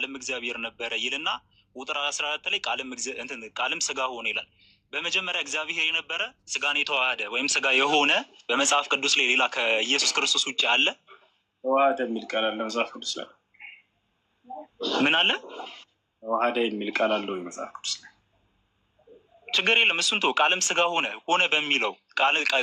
ቃልም እግዚአብሔር ነበረ ይልና ቁጥር አስራ አራት ላይ ቃልም ስጋ ሆነ ይላል። በመጀመሪያ እግዚአብሔር የነበረ ስጋን የተዋሃደ ወይም ስጋ የሆነ በመጽሐፍ ቅዱስ ላይ ሌላ ከኢየሱስ ክርስቶስ ውጭ አለ? ተዋሃደ የሚል ቃል አለ መጽሐፍ ቅዱስ ላይ ምን አለ? ተዋሃደ የሚል ቃል አለ ወይ መጽሐፍ ቅዱስ ላይ ችግር የለም። እሱን ተው። ቃልም ስጋ ሆነ ሆነ በሚለው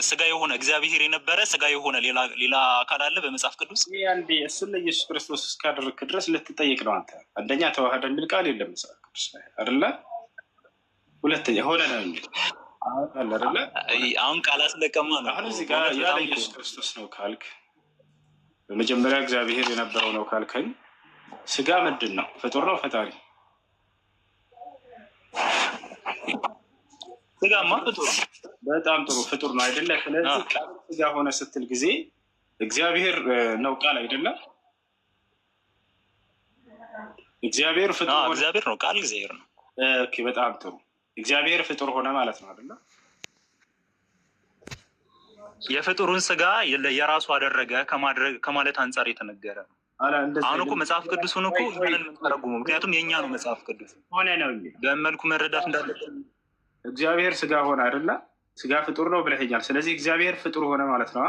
ስጋ የሆነ እግዚአብሔር የነበረ ስጋ የሆነ ሌላ አካል አለ በመጽሐፍ ቅዱስ? አንዴ እሱን ለኢየሱስ ክርስቶስ እስካደረክ ድረስ ልትጠይቅ ነው አንተ። አንደኛ ተዋህደ የሚል ቃል የለም መጽሐፍ ቅዱስ አይደለ? ሁለተኛ ሆነ ነው የሚል አሁን ቃል አስለቀማ ነው። አሁን እዚህ ጋር ያለ ኢየሱስ ክርስቶስ ነው ካልክ፣ በመጀመሪያ እግዚአብሔር የነበረው ነው ካልከኝ፣ ስጋ ምንድን ነው? ፍጡር ነው ፈጣሪ ስጋማ ፍጡር በጣም ጥሩ ፍጡር ነው አይደለ? ስለዚህ ቃል ስጋ ሆነ ስትል ጊዜ እግዚአብሔር ነው ቃል አይደለም። እግዚአብሔር ፍጡር እግዚአብሔር ነው ቃል እግዚአብሔር ነው። ኦኬ በጣም ጥሩ እግዚአብሔር ፍጡር ሆነ ማለት ነው አይደለ? የፍጡሩን ስጋ የራሱ አደረገ ከማለት አንጻር የተነገረ ነው። አሁን እኮ መጽሐፍ ቅዱስ ሆነ እኮ ምንን ምንተረጉሙ ምክንያቱም የእኛ ነው መጽሐፍ ቅዱስ ሆነ ነው በመልኩ መረዳት እንዳለብን እግዚአብሔር ስጋ ሆነ አይደለ? ስጋ ፍጡር ነው ብለኛል። ስለዚህ እግዚአብሔር ፍጡር ሆነ ማለት ነው።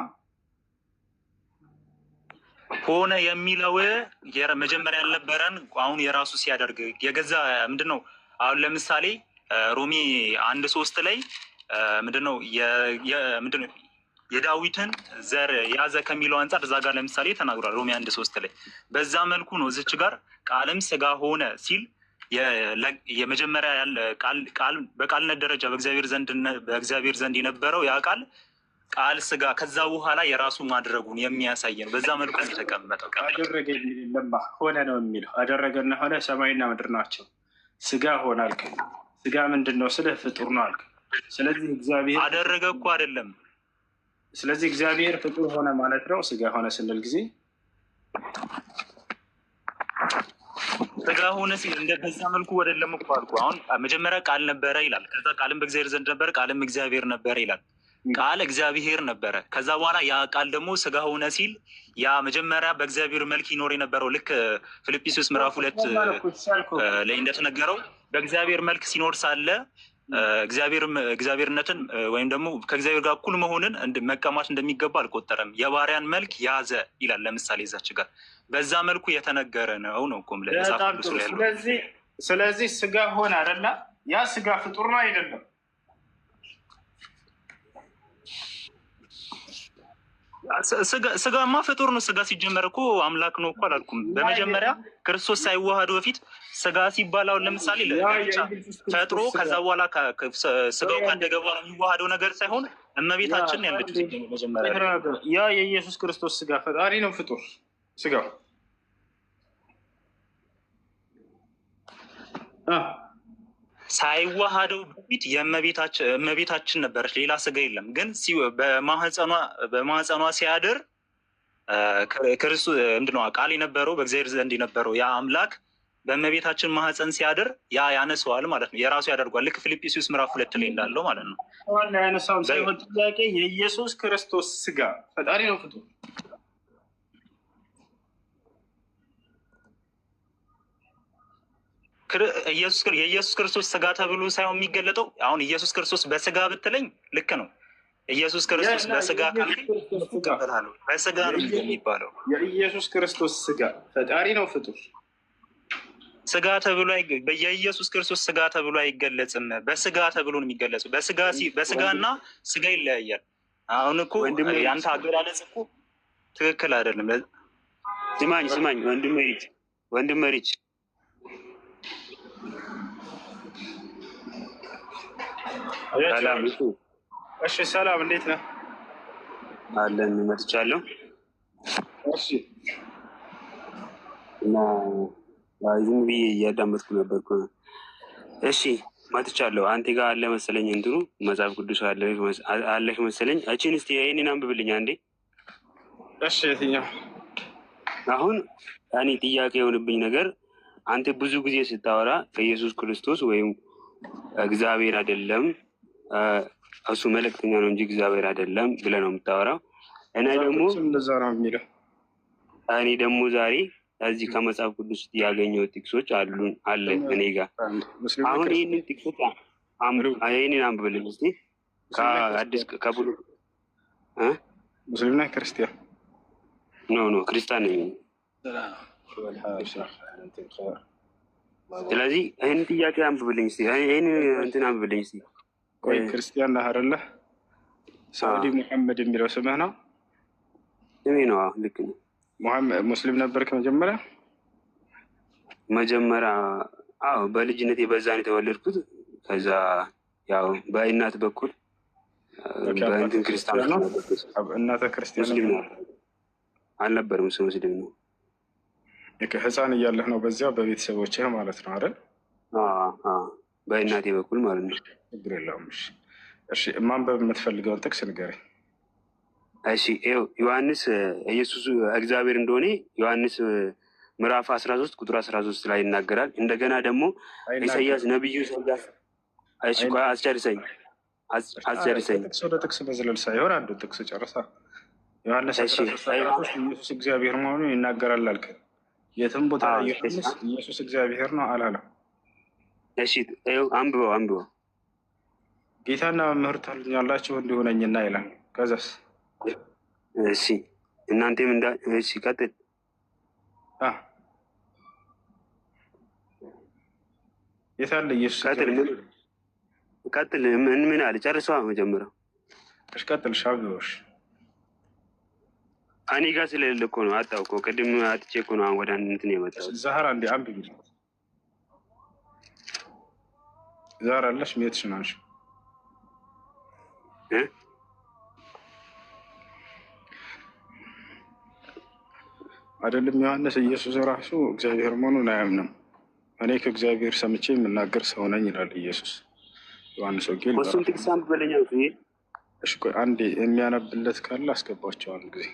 ሆነ የሚለው መጀመሪያ ያልነበረን አሁን የራሱ ሲያደርግ የገዛ ምንድን ነው? አሁን ለምሳሌ ሮሜ አንድ ሶስት ላይ ምንድን ነው የዳዊትን ዘር ያዘ ከሚለው አንጻር እዛ ጋር ለምሳሌ ተናግሯል። ሮሜ አንድ ሶስት ላይ በዛ መልኩ ነው እዚች ጋር ቃልም ስጋ ሆነ ሲል የመጀመሪያ ያለ ቃል በቃልነት ደረጃ በእግዚአብሔር ዘንድ የነበረው ያ ቃል ቃል ስጋ ከዛ በኋላ የራሱ ማድረጉን የሚያሳይ ነው። በዛ መልኩ የተቀመጠው አደረገ የሚልማ ሆነ ነው የሚለው አደረገና ሆነ ሰማይና ምድር ናቸው። ስጋ ሆነ አልክ። ስጋ ምንድን ነው ስለ ፍጡር ነው አልክ። ስለዚህ እግዚአብሔር አደረገ እኮ አይደለም። ስለዚህ እግዚአብሔር ፍጡር ሆነ ማለት ነው ስጋ ሆነ ስንል ጊዜ ስጋ ሆነ ሲል እንደ በዛ መልኩ ወደለም እኮ አልኩ። አሁን መጀመሪያ ቃል ነበረ ይላል። ከዛ ቃልም በእግዚአብሔር ዘንድ ነበረ፣ ቃልም እግዚአብሔር ነበረ ይላል። ቃል እግዚአብሔር ነበረ። ከዛ በኋላ ያ ቃል ደግሞ ስጋ ሆነ ሲል ያ መጀመሪያ በእግዚአብሔር መልክ ይኖር የነበረው ልክ ፊልጵስዩስ ምዕራፍ ሁለት ላይ እንደተነገረው በእግዚአብሔር መልክ ሲኖር ሳለ እግዚአብሔርነትን ወይም ደግሞ ከእግዚአብሔር ጋር እኩል መሆንን መቀማት እንደሚገባ አልቆጠረም። የባሪያን መልክ ያዘ ይላል። ለምሳሌ እዛች ጋር በዛ መልኩ የተነገረ ነው ነው እኮ ስለዚህ ስለዚህ ስጋ ሆነ አይደለ? ያ ስጋ ፍጡር ነው አይደለም ስጋማ ፍጡር ነው። ስጋ ሲጀመር እኮ አምላክ ነው እኮ አላልኩም። በመጀመሪያ ክርስቶስ ሳይዋሃዱ በፊት ስጋ ሲባል አሁን ለምሳሌ ለጋብቻ ፈጥሮ ከዛ በኋላ ስጋው ካደገ በኋላ የሚዋሃደው ነገር ሳይሆን እመቤታችን ያለችው ያ የኢየሱስ ክርስቶስ ስጋ ፈጣሪ ነው ፍጡር ስጋው ሳይዋሃደው በፊት የእመቤታችን ነበረች፣ ሌላ ስጋ የለም። ግን በማህፀኗ ሲያድር ክርስቱ ምንድነው ቃል የነበረው በእግዚአብሔር ዘንድ የነበረው ያ አምላክ በእመቤታችን ማህፀን ሲያድር ያ ያነሰዋል ማለት ነው፣ የራሱ ያደርጓል። ልክ ፊልጵስዩስ ምዕራፍ ሁለት ላይ እንዳለው ማለት ነው። ያነሳውም ሳይሆን ጥያቄ የኢየሱስ ክርስቶስ ስጋ ፈጣሪ ነው ፍጡር የኢየሱስ ክርስቶስ ስጋ ተብሎ ሳይሆን የሚገለጠው አሁን ኢየሱስ ክርስቶስ በስጋ ብትለኝ ልክ ነው። ኢየሱስ ክርስቶስ በስጋ ካልከኝ በስጋ ነው የሚባለው። የኢየሱስ ክርስቶስ ስጋ ፈጣሪ ነው ፍጡር ስጋ ተብሎ የኢየሱስ ክርስቶስ ስጋ ተብሎ አይገለጽም። በስጋ ተብሎ ነው በስጋ በስጋና ስጋ ይለያያል። አሁን እኮ ያንተ አገላለጽ እኮ ትክክል አይደለም። ስማኝ ስማኝ ወንድም መሪች ወንድም መሪች ሰላም። እሺ፣ ሰላም እንዴት ነህ? አለን መጥቻለሁ። እሺ፣ እና ዝም ብዬ እያዳመጥኩ ነበርኩ። እሺ፣ መጥቻለሁ። አንቴ ጋር አለ መሰለኝ እንትኑ መጽሐፍ ቅዱስ አለሽ መሰለኝ። እቺን እስኪ ይህንን አንብብልኝ አንዴ። እሺ፣ የትኛው አሁን እኔ ጥያቄ የሆንብኝ ነገር አንተ ብዙ ጊዜ ስታወራ ከኢየሱስ ክርስቶስ ወይም እግዚአብሔር አይደለም እሱ መልእክተኛ ነው እንጂ እግዚአብሔር አይደለም ብለህ ነው የምታወራው። እና ደግሞ እኔ ደግሞ ዛሬ እዚህ ከመጽሐፍ ቅዱስ ያገኘው ጥቅሶች አሉን አለ እኔ ጋር አሁን ይህንን ጥቅሶች ይህንን አንብብልን ስ ከአዲስ ከብሉ ሙስሊምና ክርስቲያን ኖ ኖ ክርስቲያን ነኝ። ስለዚህ ይህን ጥያቄ አንብብልኝ ስ ይህን እንትን አንብብልኝ ስ ቆይ ክርስቲያን ነህ አይደለ? ሳዑዲ ሙሐመድ የሚለው ስምህ ነው? ስሜ ነው። ልክ ነው። ሙስሊም ነበርክ መጀመሪያ? መጀመሪያ አዎ፣ በልጅነት የበዛን የተወለድኩት። ከዛ ያው በእናት በኩል በእንትን ክርስቲያን ነው። እናተ ክርስቲያን ነው አልነበርም፣ እሱ ሙስሊም ነው። ህፃን እያለህ ነው በዚያ በቤተሰቦችህ ማለት ነው አይደል? በእናቴ በኩል ማለት ነው። ችግር የለውም። እሺ፣ ማንበብ የምትፈልገውን ጥቅስ ንገረኝ። እሺ፣ ይኸው ዮሐንስ ኢየሱስ እግዚአብሔር እንደሆነ ዮሐንስ ምዕራፍ አስራ ሶስት ቁጥር አስራ ሶስት ላይ ይናገራል። እንደገና ደግሞ ኢሳያስ ነቢዩ ኢሳያስ አስጨርሰኝ አስጨርሰኝ ወደ ጥቅስ መዝለል ሳይሆን አንዱ ጥቅስ ጨርሳ ዮሐንስ ኢየሱስ እግዚአብሔር መሆኑን ይናገራል አልክ። የትም ቦታ ኢየሱስ እግዚአብሔር ነው አላለም። እሺ አንብበው አንብበው። ጌታና መምህር ታሉኛላችሁ እንዲሆነኝና ይላል። ከዛስ? እሺ እናንተም እንዳ እሺ ቀጥል። የታለ ኢየሱስ? ቀጥል። ምን ምን አለ? ጨርሰዋ መጀመሪያ። እሺ ቀጥል። ሻቢዎች እኔ ጋር ስለሌለ እኮ ነው አጣው እኮ ቅድም አጥቼ እኮ ነው ወደ እንትን የመጣሁት። ዛህራ እንዲ አንብ አንብብ ዛር አለሽ ሜትሽ ናንሽ አይደለም። ዮሐንስ ኢየሱስ ራሱ እግዚአብሔር መሆኑን አያምንም። እኔ ከእግዚአብሔር ሰምቼ የምናገር ሰው ነኝ ይላል ኢየሱስ። ዮሐንስ ወንጌል እሱን ጥቅስ አንድ በለኛ አንዴ የሚያነብለት ካለ አስገባቸው ጊዜ